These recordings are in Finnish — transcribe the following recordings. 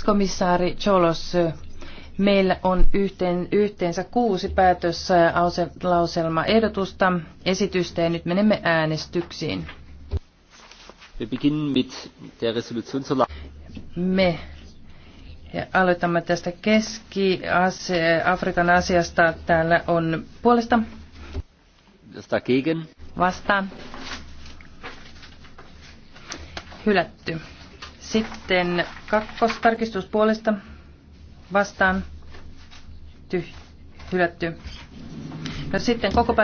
komissaari Cholos, meillä on yhteen, yhteensä kuusi lauselma, ehdotusta esitystä ja nyt menemme äänestyksiin. Me aloitamme tästä Keski-Afrikan asiasta. Täällä on puolesta. Vastaan. Hylätty. Sitten kakkostarkistuspuolesta puolesta vastaan tyh, hylätty. No sitten koko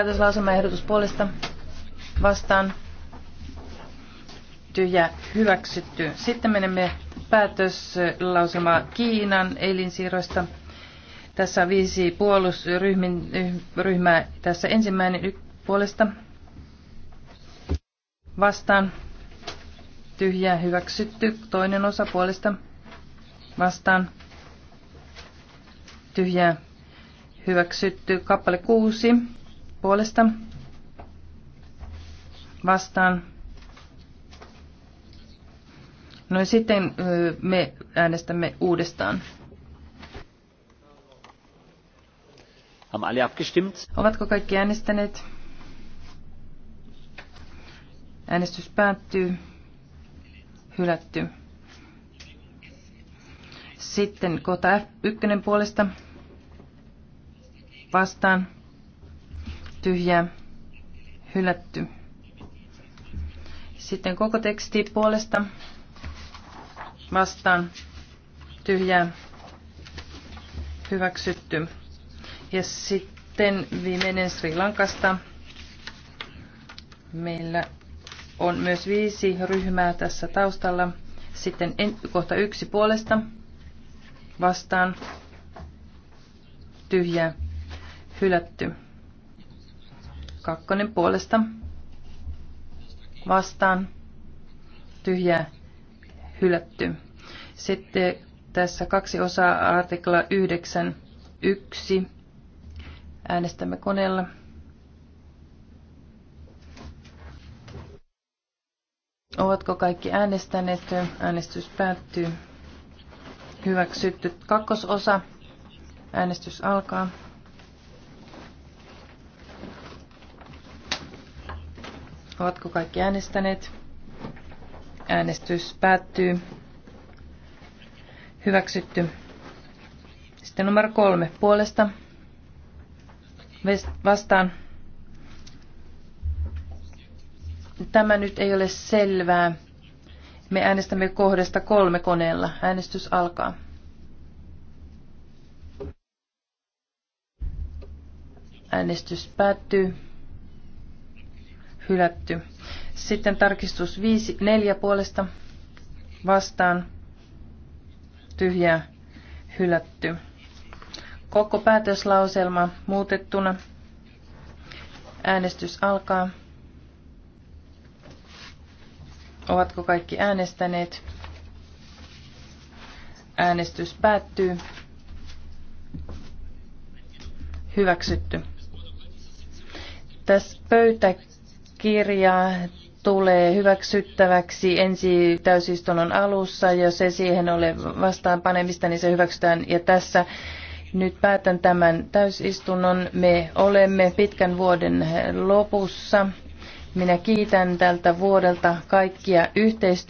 ehdotus puolesta vastaan tyhjä hyväksytty. Sitten menemme päätöslausuma Kiinan elinsiirroista. Tässä on viisi puolustusryhmää. Eh, Tässä ensimmäinen puolesta vastaan tyhjää hyväksytty. Toinen osa puolesta vastaan tyhjää hyväksytty. Kappale kuusi puolesta vastaan. No sitten me äänestämme uudestaan. Ovatko kaikki äänestäneet? Äänestys päättyy hylätty. Sitten kohta F1 puolesta vastaan tyhjää hylätty. Sitten koko teksti puolesta vastaan tyhjää hyväksytty. Ja sitten viimeinen Sri Lankasta. Meillä on myös viisi ryhmää tässä taustalla. Sitten en, kohta yksi puolesta vastaan tyhjä hylätty. Kakkonen puolesta vastaan tyhjä hylätty. Sitten tässä kaksi osaa artikla 9.1. Äänestämme koneella. Ovatko kaikki äänestäneet? Äänestys päättyy. Hyväksytty kakkososa. Äänestys alkaa. Ovatko kaikki äänestäneet? Äänestys päättyy. Hyväksytty. Sitten numero kolme puolesta. Vastaan. Tämä nyt ei ole selvää. Me äänestämme kohdasta kolme koneella. Äänestys alkaa. Äänestys päättyy. Hylätty. Sitten tarkistus 5, 4 puolesta vastaan. Tyhjää. Hylätty. Koko päätöslauselma muutettuna. Äänestys alkaa. Ovatko kaikki äänestäneet? Äänestys päättyy. Hyväksytty. Tässä pöytäkirja tulee hyväksyttäväksi ensi täysistunnon alussa. Jos se siihen ole vastaan panemista, niin se hyväksytään. Ja tässä nyt päätän tämän täysistunnon. Me olemme pitkän vuoden lopussa. Minä kiitän tältä vuodelta kaikkia yhteistyötä.